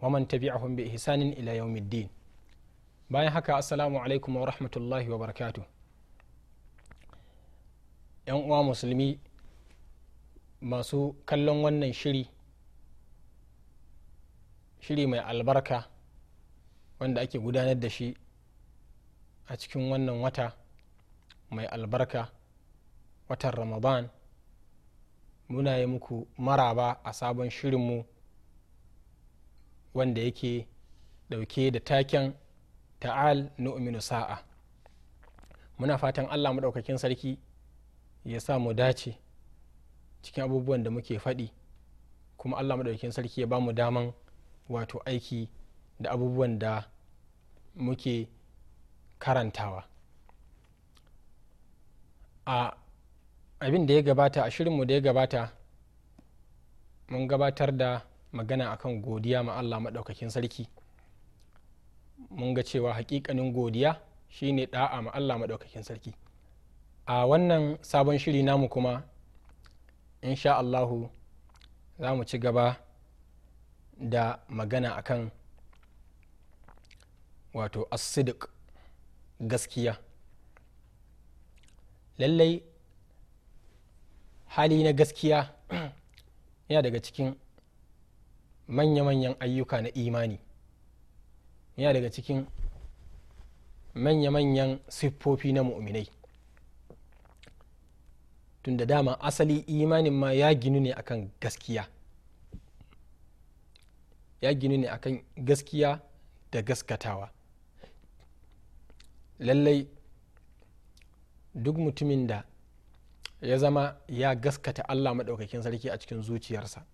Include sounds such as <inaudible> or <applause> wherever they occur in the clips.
wa man tabi'ahum bi ihsanin ila yawmiddin bayan haka assalamu alaikum wa rahmatullahi wa barakatuh yan uwa musulmi masu kallon wannan shiri shiri mai albarka wanda ake gudanar da shi a cikin wannan wata mai albarka watan ramadan muna yi muku maraba a sabon shirinmu wanda yake dauke da taken ta'al nu'minu sa'a muna fatan allah maɗaukakin sarki ya sa mu dace cikin abubuwan da muke faɗi kuma allah maɗaukakin sarki ya ba mu daman wato aiki da abubuwan da muke karantawa a abin da ya gabata a shirinmu da ya gabata mun gabatar da magana akan godiya ma Allah maɗaukakin sarki mun ga cewa hakikanin godiya shine da'a ma Allah maɗaukakin sarki a wannan sabon shiri namu kuma insha Allahu za mu ci gaba da magana akan wato asidik gaskiya lallai hali na gaskiya <clears throat> yana daga cikin manya-manyan ayyuka na imani yana daga cikin manya-manyan siffofi na mu'minai tunda dama asali imanin ma ya ginu ne akan gaskiya ya ginu ne akan gaskiya da gaskatawa lallai duk mutumin da ya zama ya gaskata allah maɗaukakin sarki a cikin zuciyarsa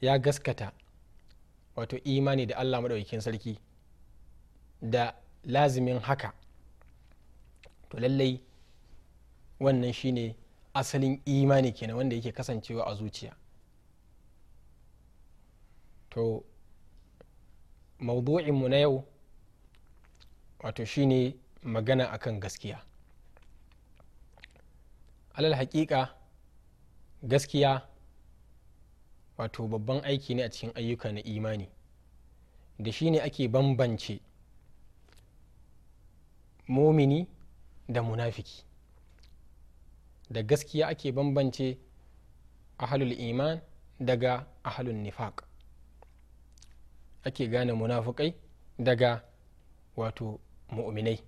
ya gaskata wato imani da allah maɗaukakin sarki da lazimin haka to lallai wannan shine asalin imani kenan wanda yake kasancewa a zuciya to mu na yau wato shine magana akan gaskiya alal haƙiƙa gaskiya wato babban aiki ne a cikin ayyuka na imani da shi ne ake bambance momini da munafiki da gaskiya ake bambance ahalul iman daga ahalul nifaq ake gane munafukai daga wato mu'minai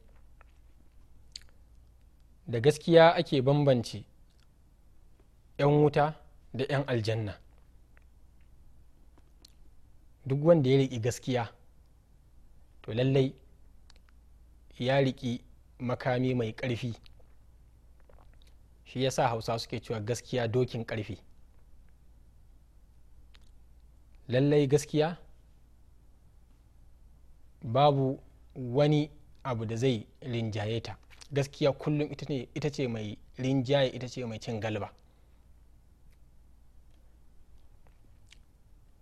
da gaskiya ake bambance 'yan wuta da 'yan aljanna duk wanda ya riƙi gaskiya to lallai ya riƙi makami mai ƙarfi shi yasa hausa suke cewa gaskiya dokin ƙarfi lallai gaskiya babu wani abu da zai rinjaye ta gaskiya kullum ita ce mai rinjaye ita ce mai cin galba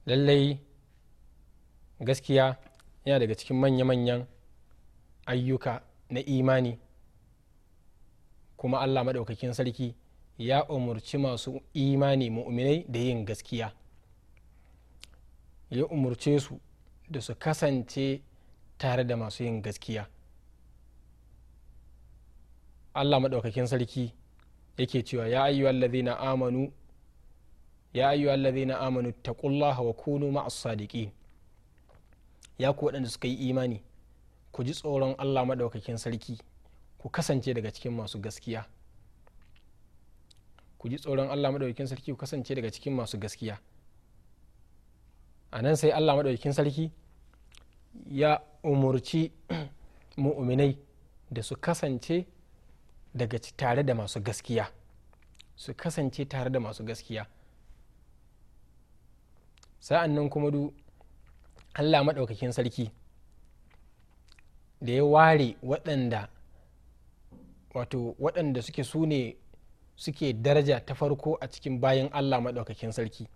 lallai gaskiya yana daga cikin manya-manyan ayyuka na imani kuma allah maɗaukakin sarki ya umarci masu imani mu'minai da yin gaskiya ya umurce su da su kasance tare da masu yin gaskiya allah maɗaukakin sarki yake cewa ya ayyuhallazi na amanu ya ayyuhallazi na amanu taqullaha wa kunu ma'as sadiqin ya ku waɗanda suka yi imani ku ji tsoron allah maɗaukakin sarki ku kasance daga cikin masu gaskiya ku ji tsoron allah maɗaukakin sarki ku kasance daga cikin masu gaskiya a nan sai allah maɗaukakin sarki ya umurci <clears throat> mu'uminai da su kasance daga tare da masu gaskiya su kasance tare da masu gaskiya sa'an nan kuma du allah maɗaukakin sarki da ya ware waɗanda wato waɗanda suke su ne suke daraja ta farko a cikin bayan allah maɗaukakin sarki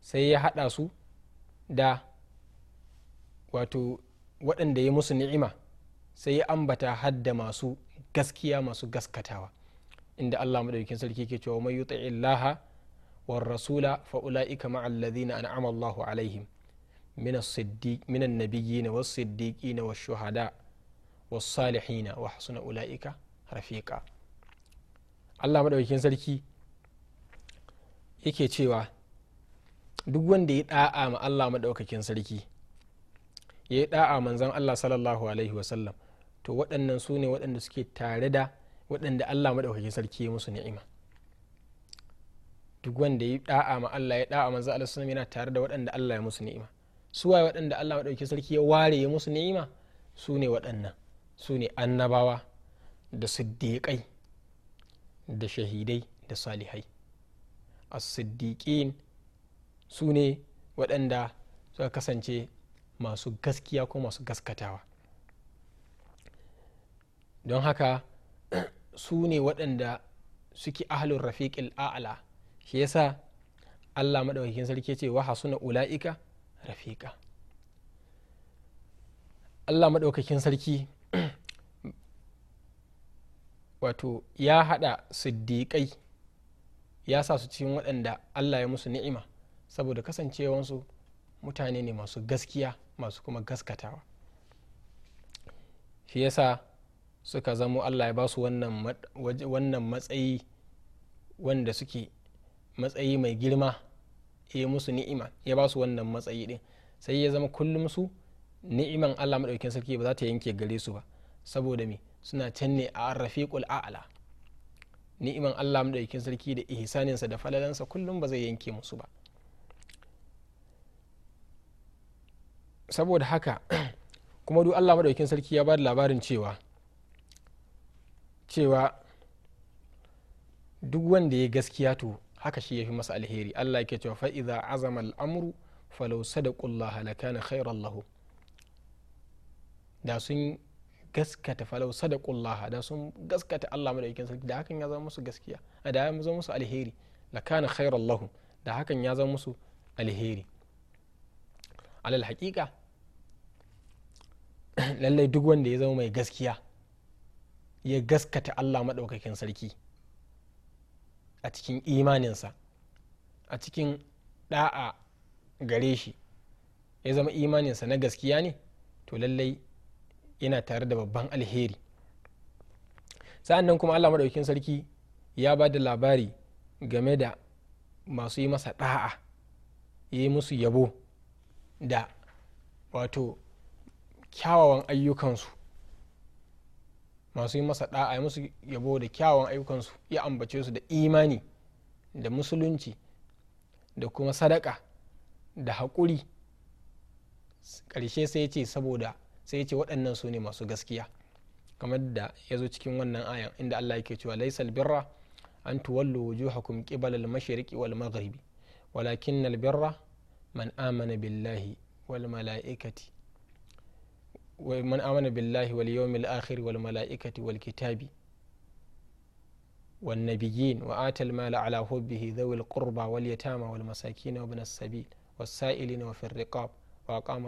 sai ya haɗa su da wato waɗanda ya musu ni'ima sai ya ambata hadda masu gaskiya masu gaskatawa inda allah maɗaukakin sarki ke cewa mai yuta illaha wa rasula fa ula'ika na an'amallahu alaihim من النبيين والصديقين والشهداء والصالحين وحسن أولئك رفيقا Allah maɗaukakin sarki yake cewa duk wanda ya ɗa'a ma Allah maɗaukakin sarki ya yi ɗa'a manzan Allah sallallahu alaihi wasallam to waɗannan su ne waɗanda suke tare da waɗanda Allah maɗaukakin sarki ya musu ni'ima duk wanda ya ɗa'a ma Allah ya ɗa'a manzan Allah sallallahu alaihi yana tare da waɗanda Allah ya musu ni'ima suwa waɗanda allah maɗauki sarki ya ware ya musu ni'ima su ne waɗannan su ne annabawa da siddiƙai da shahidai da salihai a siddiqin su ne waɗanda suka kasance masu gaskiya ko masu gaskatawa don haka <clears throat> su ne waɗanda suke ahalun rafiƙil a'ala shi yasa allah maɗaukakin sarki ce wa hasuna ula'ika rafiƙa allah maɗaukakin sarki <clears throat> wato ya haɗa siddiƙai ya sa su cikin waɗanda allah ya musu ni'ima saboda kasancewansu mutane ne masu gaskiya masu kuma gaskatawa shi yasa suka zamo allah ya ba su wannan matsayi wanda suke matsayi mai girma ya musu ni'ima ya ba su wannan matsayi din sai ya zama kullum su ni'iman Allah madaukakin sarki ba za ta yanke gare su ba saboda me suna can ne a rafiqul a'la ni'iman Allah madaukakin sarki da ihsaninsa da falalansa kullum ba zai yanke musu ba saboda haka <clears throat> kuma duk Allah madaukakin sarki ya ba da labarin cewa cewa duk wanda ya gaskiya to haka shi ya fi masa alheri Allah yake cewa fa idza azama al-amru falau sadaqullaha lakana khairan lahu da sun gaskata falau sadaqullaha da sun gaskata Allah madaukakin sarki da hakan ya zama musu gaskiya da ya zama musu alheri lakana khairan lahu da hakan ya zama musu alheri alal haƙiƙa <coughs> lallai duk wanda ya zama mai gaskiya ya gaskata Allah maɗaukakin sarki a cikin imaninsa a cikin da'a gare shi ya zama imaninsa na gaskiya ne to lallai yana tare da babban alheri sa'an nan kuma allah maɗaukin sarki ya ba da labari game da masu yi masa ɗa'a ya yi musu yabo da wato kyawawan ayyukansu masu yi masa ɗa'a musu yabo da kyawun ayyukansu ya ambace su da imani da musulunci da kuma sadaka da haƙuri ƙarshe sai ce saboda sai ce waɗannan su ne masu gaskiya kamar da ya zo cikin wannan ayan inda Allah yake cewa laisal birra an tuwallu wujuhakum qibala al-mashriqi wal maghribi walakin al-birra man amana billahi wal mala'ikati wa man amana billahi wal yawmil akhir wal mala'ikati wal kitabi wan wa'atal wa atal mala ala hubbihi dhawil qurba wal yatama wal masakin wa ibnas sabil was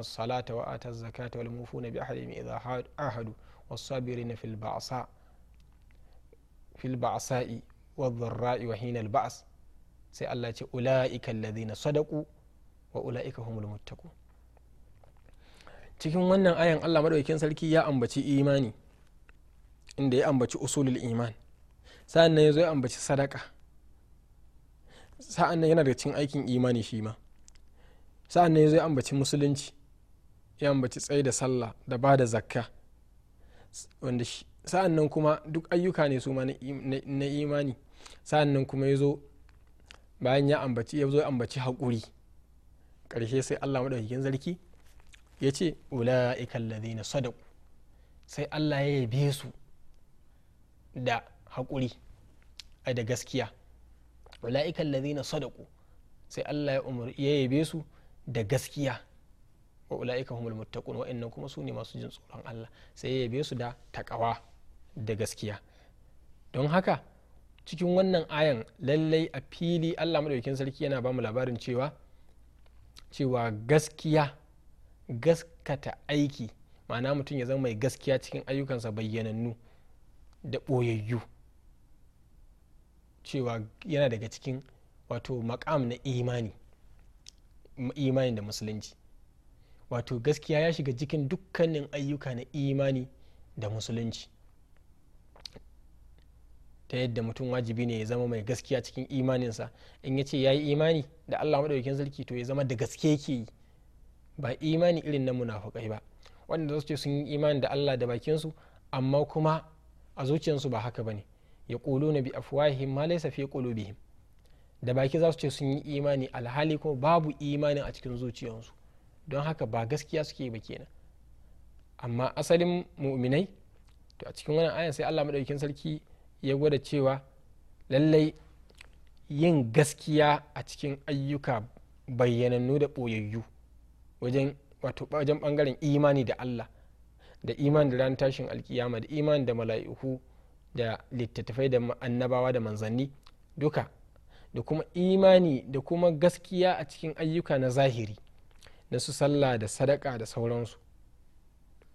salata wa zakata wal mufuna bi ahdihim idha ahadu was sabirina fil ba'sa fil ba'sa'i wa hina al sai Allah ce ula'ika alladhina sadaqu wa ula'ika humul muttaqun cikin wannan ayan allah maɗaukin sarki ya ambaci imani inda ya ambaci usulul iman sa'an nan ya zo ya ambaci sadaka sa'an nan yana da cin aikin imani shi ma sa'an nan ya zo ya ambaci musulunci ya ambaci tsaye da sallah da ba da zakka wanda sa'an nan kuma duk ayyuka ne su ma na imani sa'an nan kuma ya zo bayan ya ambaci ya zo ya ambaci haƙuri ƙarshe sai allah maɗaukakin sarki ya ce ula'ikan na sadaku sai allah ya yabe su da haƙuri a da gaskiya ula'ikan na sadaku sai allah ya yabe su da gaskiya wa ula'ika humul muttaqun wa'annan kuma su ne masu jin tsoron allah sai ya yabe su da takawa da gaskiya don haka cikin wannan ayan lallai a fili allah maɗaukin sarki yana ba mu labarin cewa cewa gaskiya gaskata aiki ma'ana mutum ya zama mai gaskiya cikin ayyukansa bayyanannu da ɓoyayyu cewa yana daga cikin wato makam na imani imani da musulunci wato gaskiya ya shiga cikin dukkanin ayyuka na imani da musulunci ta yadda mutum wajibi ne ya zama mai gaskiya cikin imaninsa in ya ce ya yi imani da allah maɗaukin sarki to ya zama da gaske yake yi ba imani irin na munafukai ba wanda za su ce sun yi imani da allah da bakinsu amma kuma a zuciyarsu ba haka ba ne. ya kulu na bi afwahihim ma laysa fi qulubihim da baki za su ce sun yi imani alhali kuma babu imani a cikin zuciyarsu don haka ba gaskiya suke ba kenan amma asalin mu'minai to a cikin wannan ayan sai Allah madaukakin sarki ya gwada cewa lallai yin gaskiya a cikin ayyuka bayyanannu da ɓoyayyu wajen bangaren imani da Allah da imani da ran tashin alkiyama da imani da mala'iku da littattafai da annabawa da manzanni duka da kuma imani da kuma gaskiya a cikin ayyuka na zahiri na su sallah da sadaka da sauransu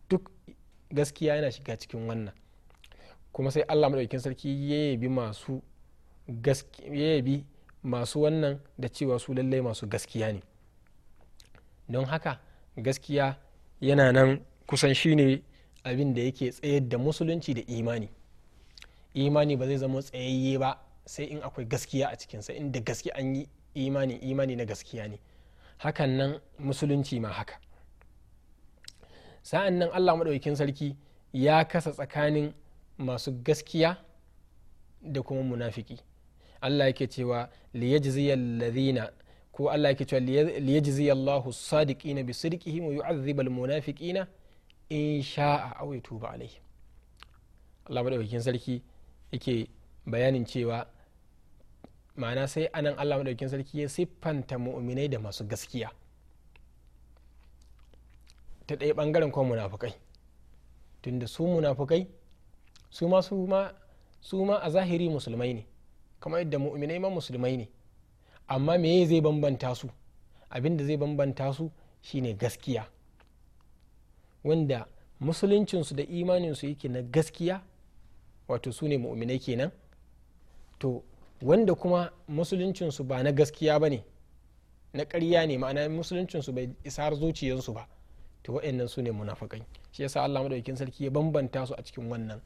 duk gaskiya yana shiga cikin wannan kuma sai allah maɗaukin sarki ya yabi masu wannan da cewa su lallai masu gaskiya ne don haka gaskiya yana nan kusan shine abin da yake tsayar da musulunci da imani imani ba zai zama tsayayye ba sai in akwai gaskiya a cikinsa inda gaskiya an yi imani imani na gaskiya ne hakan nan musulunci ma haka sa'an nan allah maɗaukin sarki ya kasa tsakanin masu gaskiya da kuma munafiki allah yake cewa liyajziyal lazina ko Allah yake cewa liyajzi Allahu sadiqina bi sidqihim wa yu'adhdhib al munafiqina in sha'a aw yatuba alaihim Allah madaukakin sarki yake bayanin cewa ma'ana sai anan Allah madaukakin sarki ya siffanta mu'minai da masu gaskiya ta ɗaya ɓangaren kuma munafukai tunda su munafukai su ma su ma a zahiri musulmai ne kamar yadda mu'minai ma musulmai ne amma meye zai bambanta su abin da zai bambanta su shine gaskiya wanda musuluncinsu da imaninsu yake na gaskiya wato su ne mu'uminai kenan to wanda kuma musuluncinsu ba na gaskiya ba ne na ƙarya ne ma'ana musuluncinsu bai isar zuciyarsu ba to waɗannan su ne munafakai shi yasa Allah madaukakin sarki ya bambanta su a cikin wannan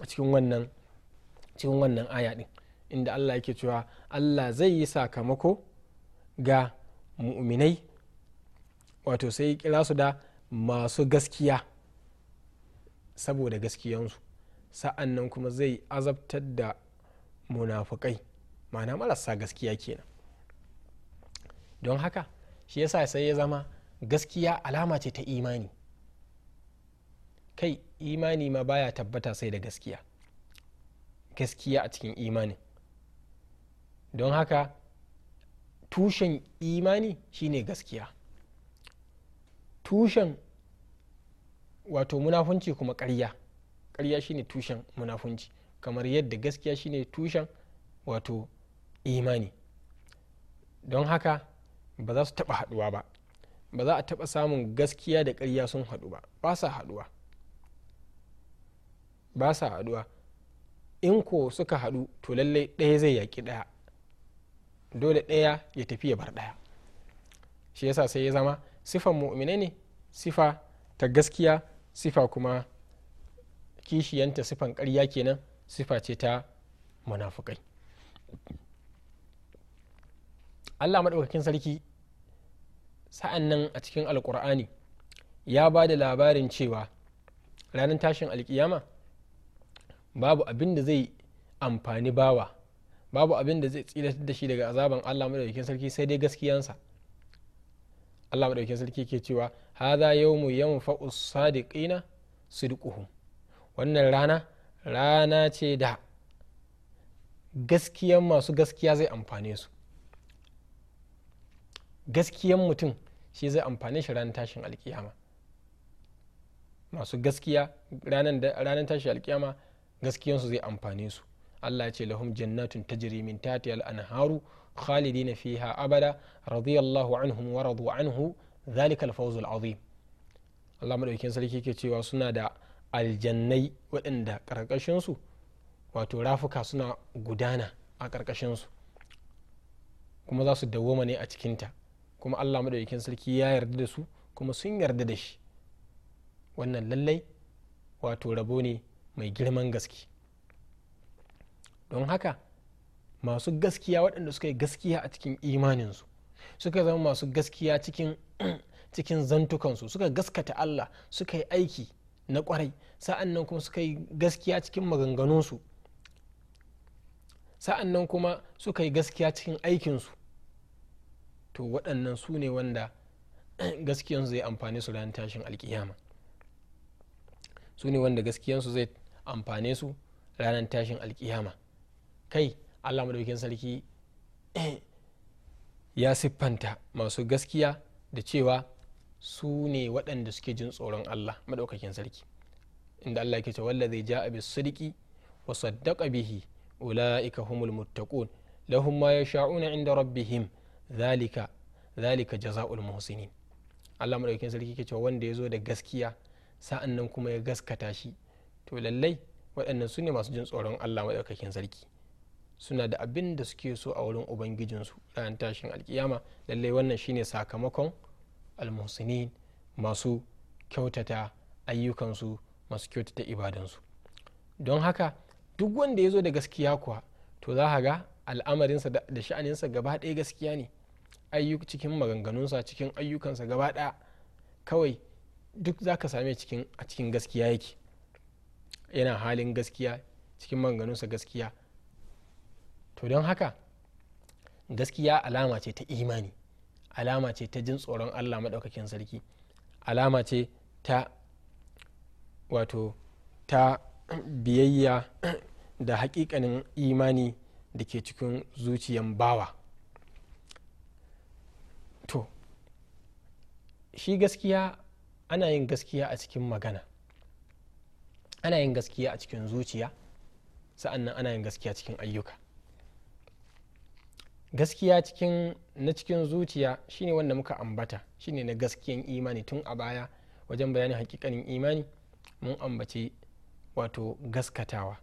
a cikin wannan cikin wannan aya din inda allah yake cewa allah zai yi sakamako ga mu'minai wato sai kira su da masu gaskiya saboda gaskiyansu sa'an nan kuma zai azabtar da munafukai mana marasa gaskiya kenan don haka shi yasa sai ya zama gaskiya alama ce ta imani kai imani ma baya tabbata sai da gaskiya gaskiya a cikin imanin don haka tushen imani shine gaskiya tushen wato munafunci kuma ƙarya ƙarya shine tushen munafunci kamar yadda gaskiya shine tushen wato imani don haka ba za su taɓa haɗuwa ba ba za a taɓa samun gaskiya da karya sun haɗu ba ba sa haɗuwa ba sa haɗuwa in ko suka haɗu to lallai ɗaya zai yaki ɗaya dole ɗaya ya tafi ya bar ɗaya shi yasa sai ya zama sifan mu'minai ne sifa ta gaskiya sifa kuma kishiyanta sifan ƙarya kenan sifa ce ta munafukai allah maɗaukakin sarki sa'an nan a cikin alkur'ani ya ba da labarin cewa ranar tashin alkiyama babu abin da zai amfani bawa babu abin da zai tsilatar da shi daga azaban Allah madaukakin sarki sai dai gaskiyansa Allah madaukakin sarki ke cewa hadha yawmu yanfa'u sadiqina sidquhum wannan rana rana ce da gaskiyan masu gaskiya zai amfane su gaskiyan mutum shi zai amfane shi ranar tashin alkiyama masu gaskiya ranar tashin alkiyama gaskiyansu zai amfane su Allah ce lahum jannatun tajri min al anharu khalidina fiha abada radiyallahu anhum wa radu anhu zalikal fawzul azim Allah madaukakin sarki ke cewa suna da aljannai waɗanda ƙarƙashin su wato rafuka suna gudana a ƙarƙashin su kuma za su dawoma ne a cikinta kuma Allah madaukakin sarki ya yarda da su kuma sun yarda da shi wannan lallai wato rabo ne mai girman gaske don haka masu gaskiya waɗanda suka yi gaskiya a cikin imaninsu suka zama masu gaskiya cikin <clears throat> zantukansu suka gaskata Allah suka yi aiki na kwarai sa'an nan kuma suka yi gaskiya cikin maganganunsu sa'an nan kuma suka yi gaskiya cikin aikinsu to waɗannan su ne wanda <clears throat> gaskiyansu zai amfane su ranar tashin alkiyama su ne wanda gaskiyansu zai amfane su ranar tashin alkiyama kai allah madaukin sarki eh, ya siffanta masu gaskiya da cewa su ne waɗanda suke jin tsoron allah madaukakin sarki inda allah ke cewa ja a bis sidiki wa saddaqa bihi ulaika humul muttaqun lahum ma shauna inda rabbihim zalika zalika jaza'ul muhsinin allah madaukakin sarki ke cewa wanda ya zo da gaskiya sa'annan kuma ya gaskata shi to lallai waɗannan su ne masu jin tsoron allah maɗaukakin sarki suna da abin da suke so a wurin ubangijinsu ranar tashin alkiyama lallai wannan shine sakamakon almusini masu kyautata ayyukansu masu kyautata ibadansu don haka duk wanda ya zo da gaskiya kuwa to za ga al'amarinsa da sha'aninsa gaba ɗaya gaskiya ne cikin maganganunsa cikin ayyukansa gaba ɗaya kawai duk za ka same cikin a cikin gaskiya yake yana halin gaskiya cikin maganganunsa gaskiya to don haka gaskiya alama ce ta imani alama ce ta jin tsoron allah maɗaukakin sarki alama ce ta wato ta <clears throat> biyayya <clears throat> da haƙiƙanin imani da ke cikin zuciyan bawa to shi gaskiya ana yin gaskiya a cikin magana ana yin gaskiya a cikin zuciya sa'annan ana yin gaskiya cikin ayyuka gaskiya cikin na cikin zuciya shine wanda muka ambata shine na gaskiyan imani tun a baya wajen bayanin hakikanin imani mun ambace wato gaskatawa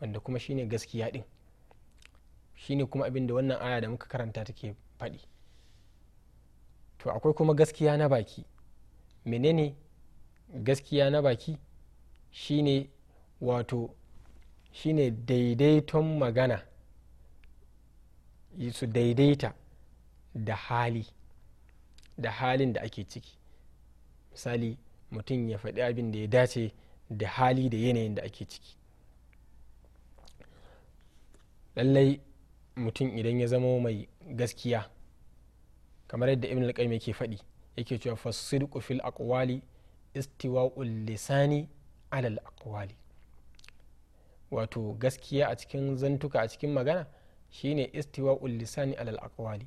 wanda kuma shine gaskiya din shine kuma abin da wannan aya da muka karanta take faɗi to akwai kuma gaskiya na baki menene gaskiya na baki shine wato shine daidaiton magana su daidaita da hali da halin da ake ciki misali mutum ya faɗi abin da ya dace da hali da yanayin da ake ciki lallai mutum idan ya zama mai gaskiya kamar yadda ibn al-qayyim yake faɗi yake cewa fasidqu fil aqwali istiwa'ul lisani alal aqwali wato gaskiya a cikin zantuka a cikin magana shine Istiwa lisani alal aqwali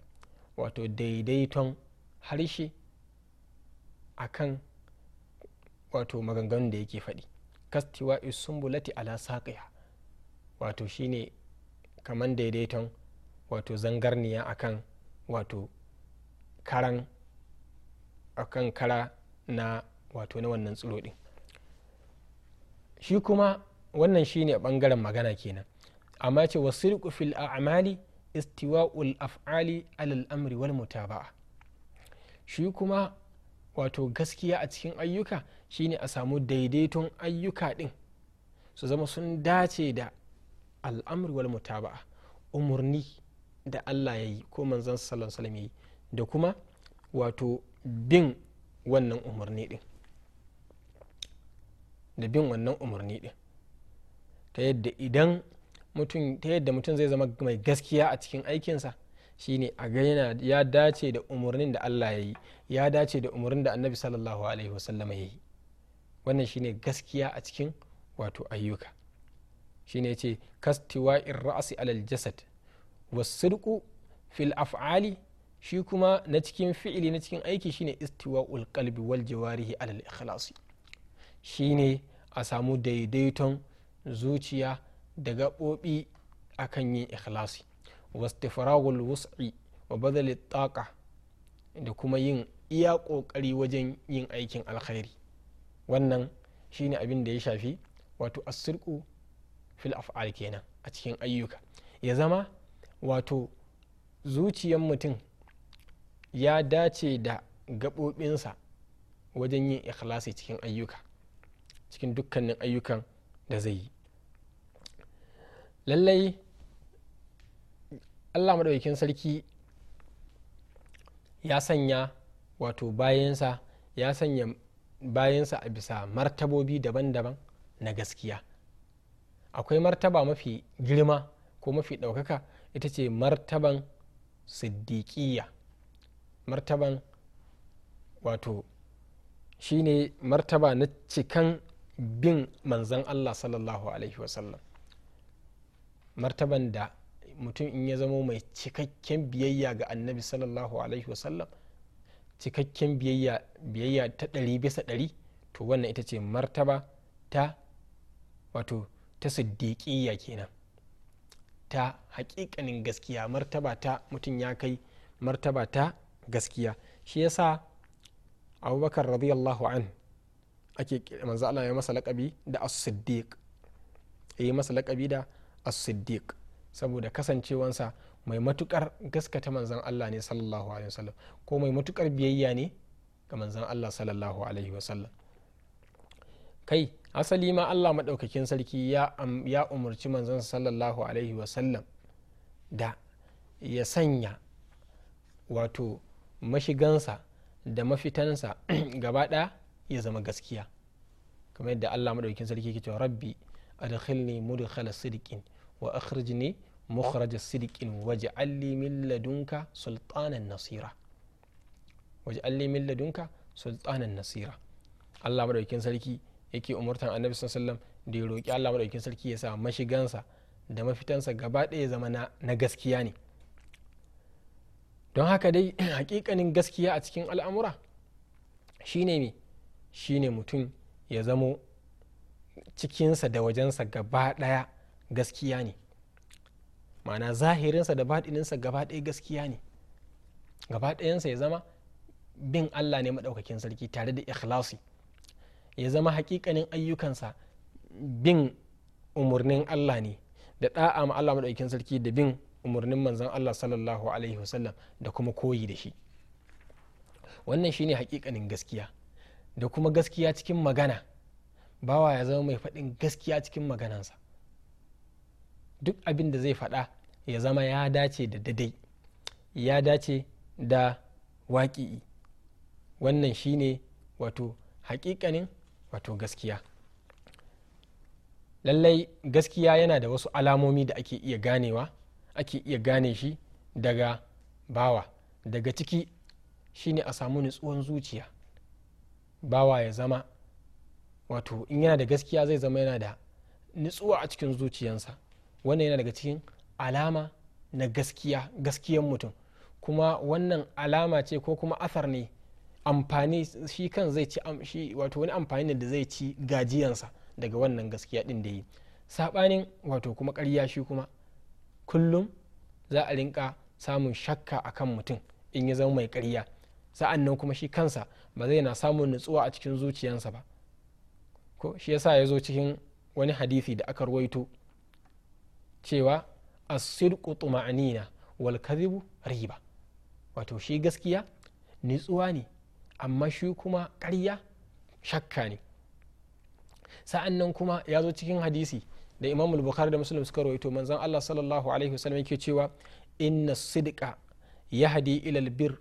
wato daidaiton harshe akan wato maganganun da yake faɗi Kastiwa Isumbulati ala saqiha wato shine kaman daidaiton wato zangarniya akan wato karan akan kara na wato na wannan tsiro din shi kuma wannan shine ɓangaren magana kenan amma ce wasu fil a'mali istiwa'ul af'ali alal amri wal mutaba'a shi kuma wato gaskiya a cikin ayyuka shine a samu daidaiton ayyuka din su zama sun dace da al'amri wal mutaba'a umurni da Allah ya yi ko manzon sallallahu alaihi ya yi da kuma wato bin wannan umarni din da bin wannan umarni din ta yadda idan mutum ta yadda mutum zai zama mai gaskiya a cikin aikinsa shine a gaina ya dace da umarnin da Allah ya yi ya dace da umarnin da annabi sallallahu alaihi wasallama ya yi wannan shine gaskiya a cikin wato ayyuka shine ce kastiwa ra'asi alal jasad wasidqu fil af'ali shi kuma na cikin fi'ili na cikin aiki shine istiwa ulkalbi wal jawarihi alal ikhlasi shine a samu daidaiton zuciya da gaɓoɓi a akan yin ikhlasi wastifragul wus'i wa bazali taƙa da kuma yin iya ƙoƙari wajen yin aikin alkhairi wannan shine abin da ya shafi wato asirku fil af'al kenan a cikin ayyuka ya zama wato zuciyan mutum ya dace da gaɓoɓinsa wajen yin ikhlasi cikin ayyuka cikin dukkanin ayyukan da zai yi lallai allah maɗaukin sarki ya sanya wato bayansa ya sanya bayansa a bisa martabobi daban-daban na gaskiya akwai martaba mafi girma ko mafi ɗaukaka ita ce martaban siddiƙiya martaban wato shine martaba na cikan bin manzan allah sallallahu alaihi wasallam martaban da mutum in ya zamo mai cikakken biyayya ga annabi sallallahu alaihi wasallam cikakken biyayya ta ɗari bisa ɗari to wannan ita ce martaba ta wato ta siddiƙiyya kenan ta haƙiƙanin gaskiya martaba ta mutum ya kai martaba ta gaskiya shi yasa abubakar radiyallahu an ake manzo Allah ya masa laƙabi da as-siddiq ya masa laƙabi da as-siddiq saboda kasancewansa mai matukar gaskata manzan Allah ne sallallahu alaihi wasallam ko mai matukar biyayya ne ga manzan Allah sallallahu alaihi wasallam kai asali ma Allah maɗaukakin sarki ya umurci manzon sallallahu alaihi wasallam da ya sanya wato mashigansa da mafitansa <clears throat> gaba ɗaya ya zama gaskiya kamar yadda Allah maɗaukakin sarki yake cewa rabbi adkhilni mudkhala sidqin wa ne mukhraj sidqin waj'al li min ladunka sultanan nasira waj'al li min ladunka sultanan nasira Allah maɗaukin sarki yake umurtan Annabi sallallahu alaihi da ya roƙi Allah maɗaukin sarki ya sa mashigansa da mafitansa gaba ɗaya zama na gaskiya ne don haka dai <clears throat> haƙiƙanin gaskiya a cikin al'amura shine shine mutum ya zamo cikinsa da wajensa gaba ɗaya gaskiya ne ma'ana zahirinsa da baɗininsa gaba ɗaya gaskiya ne gaba ɗayansa ya zama bin allah ne maɗaukakin sarki tare da ikhlasi ya zama hakikanin ayyukansa bin umarnin allah ne da ɗa'a ma allah maɗaukakin sarki da bin umarnin manzan allah sallallahu alaihi wasallam da kuma koyi da shi wannan shine hakikanin gaskiya da kuma gaskiya cikin magana bawa ya zama mai faɗin gaskiya cikin maganansa duk abin da zai faɗa ya zama ya dace da dadai ya dace da waƙi'i wannan shine wato hakikanin wato gaskiya lallai gaskiya yana da wasu alamomi da ake iya ganewa ake iya gane shi daga bawa daga ciki shine a samu nutsuwan zuciya bawa ya zama wato in yana da gaskiya zai zama yana da nutsuwa a cikin zuciyansa wannan yana daga cikin alama na gaskiya gaskiyan mutum kuma wannan alama ce ko kuma athar ne amfani shi kan zai ci shi wato wani amfani ne da zai ci gajiyansa daga wannan gaskiya din da yi sabanin wato kuma ƙarya shi kuma kullum za a rinka samun shakka a kan mutum in ya zama mai ƙarya sa'an nan kuma shi kansa ba zai na samun nutsuwa a cikin zuciyansa ba ko shi yasa ya zo cikin wani hadisi da aka ruwaito cewa as-sidqu tuma'anina wal kadhibu riba wato shi gaskiya nitsuwa ne amma shi kuma ƙarya shakka ne sa'an nan kuma ya zo cikin hadisi da imam bukhari da muslim suka rawaito manzon allah sallallahu alaihi wasallam yake cewa inna sidqa yahdi ila bir,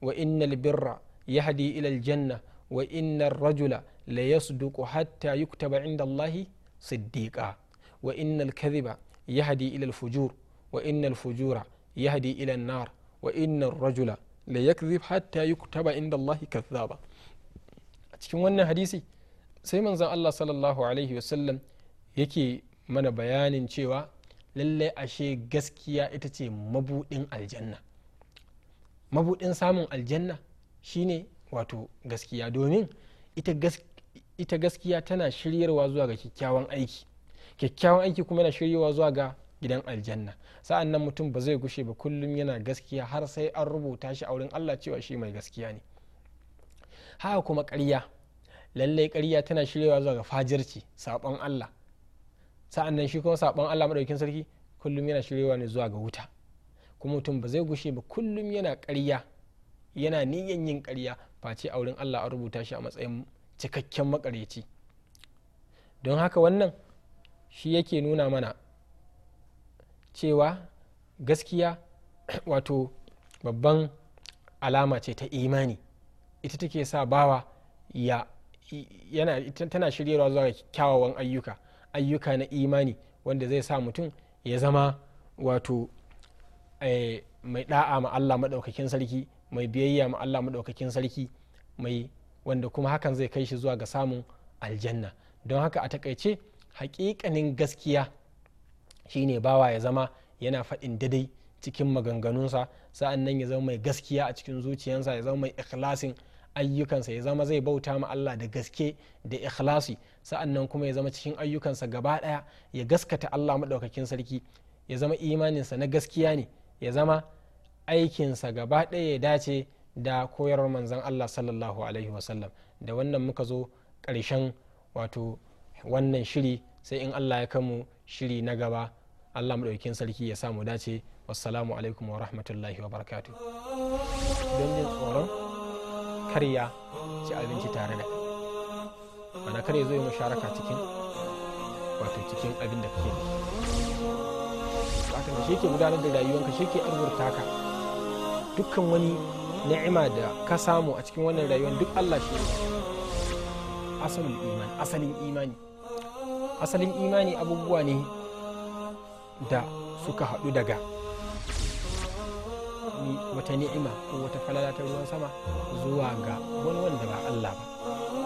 wa inna birra, yahdi ila janna, wa inna rajula la yasduqu hatta yuktaba inda allahi siddiqa wa inna alkadhiba Yahadi ila al-fujur wa inna fujura Yahadi ila an-nar wa inna ar-rajula la yakdhib hatta yuktaba inda Allah a cikin wannan hadisi sai manzon Allah sallallahu alaihi wasallam yake mana bayanin cewa lallai ashe gaskiya ita ce mabudin aljanna mabudin samun aljanna shine wato gaskiya domin ita gaskiya tana shiryarwa zuwa ga kyakkyawan aiki kyakkyawan aiki kuma yana shiryewa zuwa ga gidan aljanna sa'an nan mutum ba zai gushe ba kullum yana gaskiya har sai an rubuta shi a wurin allah cewa shi mai gaskiya ne haka kuma karya lallai karya tana shiryewa zuwa ga fajirci saɓon allah sa'an nan shi kuma saɓon allah maɗaukin sarki kullum yana shiryewa ne zuwa ga wuta kuma mutum ba zai gushe ba kullum yana ƙarya yana niyan yin karya face a wurin allah an rubuta shi a matsayin cikakken maƙaryaci don haka wannan shi yake nuna mana cewa gaskiya <clears throat> wato babban alama ce ta imani ita take sa bawa ya yana tana shiryarwa zuwa kyawawan ayyuka ayyuka na imani wanda zai sa mutum ya zama wato eh, mai da'a ma Allah maɗaukakin sarki mai biyayya ma Allah maɗaukakin sarki mai wanda kuma hakan zai kai shi zuwa ga samun aljanna don haka a takaice hakikanin gaskiya shine bawa ya zama yana faɗin daidai cikin maganganunsa sa'an nan ya zama mai gaskiya a cikin zuciyarsa ya zama mai ikhlasin ayyukansa ya zama zai bauta ma Allah da gaske da ikhlasi sa'an nan kuma ya zama cikin ayyukansa gaba ɗaya ya gaskata Allah maɗaukakin sarki ya zama imaninsa na gaskiya ne ya zama aikinsa gaba ɗaya ya dace da koyarwar manzon Allah sallallahu alaihi wasallam da wannan muka zo ƙarshen wato wannan shiri sai in allah ya kamu shiri na gaba allah maɗaukin sarki ya samu dace wassalamu alaikum wa rahmatullahi wa barakatu don jin tsoron karya ci abinci tare da mana karya zai zo ya musharaka cikin wato cikin abin da kake da wato shi ke gudanar da rayuwanka shi ke arzurta ka dukkan wani ni'ima da ka samu a cikin wannan rayuwar duk Allah shi ne asalin imani asalin imani asalin imani abubuwa ne da suka haɗu daga wata ni'ima ko wata falala ta ruwan sama zuwa ga wani wanda ba Allah ba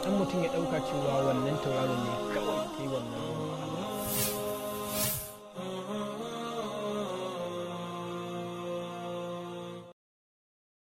dan mutum ya ɗauka cewa wannan tauraron ne kawai yi wannan